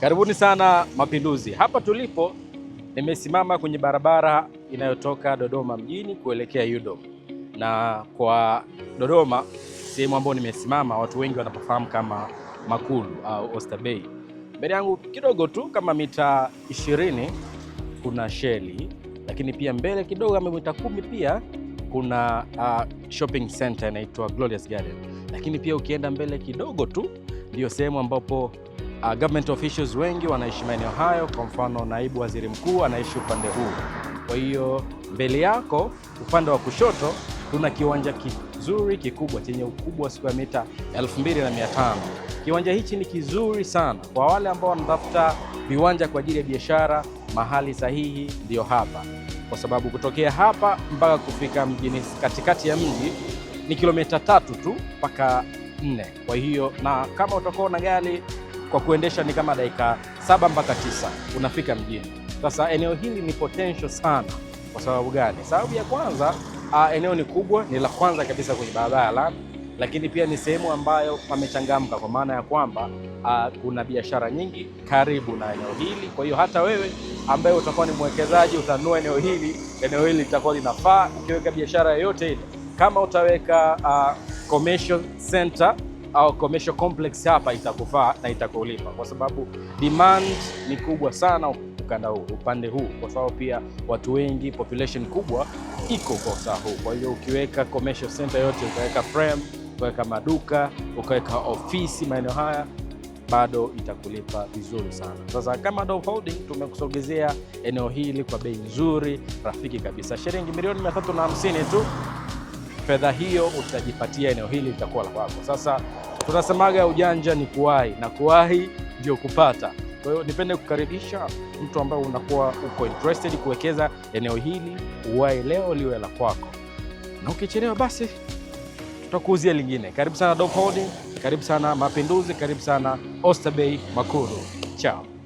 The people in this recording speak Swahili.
Karibuni sana Mapinduzi. Hapa tulipo nimesimama kwenye barabara inayotoka Dodoma mjini kuelekea Udom, na kwa Dodoma sehemu ambayo nimesimama watu wengi wanapofahamu kama Makulu au Oyster Bay. Mbele yangu kidogo tu kama mita 20 kuna Sheli, lakini pia mbele kidogo kama mita kumi pia kuna uh, shopping center inaitwa Glorious Garden, lakini pia ukienda mbele kidogo tu ndio sehemu ambapo uh, government officials wengi wanaishi maeneo hayo. Kwa mfano, naibu waziri mkuu anaishi upande huu. Kwa hiyo mbele yako upande wa kushoto tuna kiwanja kizuri kikubwa chenye ukubwa wa square mita 2500. Kiwanja hichi ni kizuri sana kwa wale ambao wanatafuta viwanja kwa ajili ya biashara. Mahali sahihi ndiyo hapa, kwa sababu kutokea hapa mpaka kufika mjini katikati ya mji ni kilomita tatu tu mpaka nne. Kwa hiyo na kama utakuwa na gari kwa kuendesha ni kama dakika saba mpaka tisa unafika mjini. Sasa eneo hili ni potential sana. Kwa sababu gani? Sababu ya kwanza a, eneo ni kubwa, ni la kwanza kabisa kwenye barabara ya lami, lakini pia ni sehemu ambayo pamechangamka kwa maana ya kwamba kuna biashara nyingi karibu na eneo hili. Kwa hiyo hata wewe ambaye utakuwa ni mwekezaji utanua eneo hili, eneo hili litakuwa linafaa ukiweka biashara yoyote ile, kama utaweka commercial center au commercial complex hapa itakufaa na itakulipa, kwa sababu demand ni kubwa sana ukanda huu, upande huu, kwa sababu pia watu wengi, population kubwa iko kwa usaha huu. Kwa hiyo ukiweka commercial center yote, ukaweka frame, ukaweka maduka, ukaweka ofisi maeneo haya bado itakulipa vizuri sana. Sasa kama Dove Holding tumekusogezea eneo hili kwa bei nzuri, rafiki kabisa, shilingi milioni 350 tu fedha hiyo utajipatia eneo hili litakuwa la kwako. Sasa tunasemaga ujanja ni kuwahi na kuwahi ndio kupata. Kwa hiyo nipende kukaribisha mtu ambaye unakuwa uko interested kuwekeza eneo hili, uwahi leo liwe la kwako, na ukichelewa basi tutakuuzia lingine. Karibu sana Dop Holding, karibu sana Mapinduzi, karibu sana Oysterbay Makuru. Chao.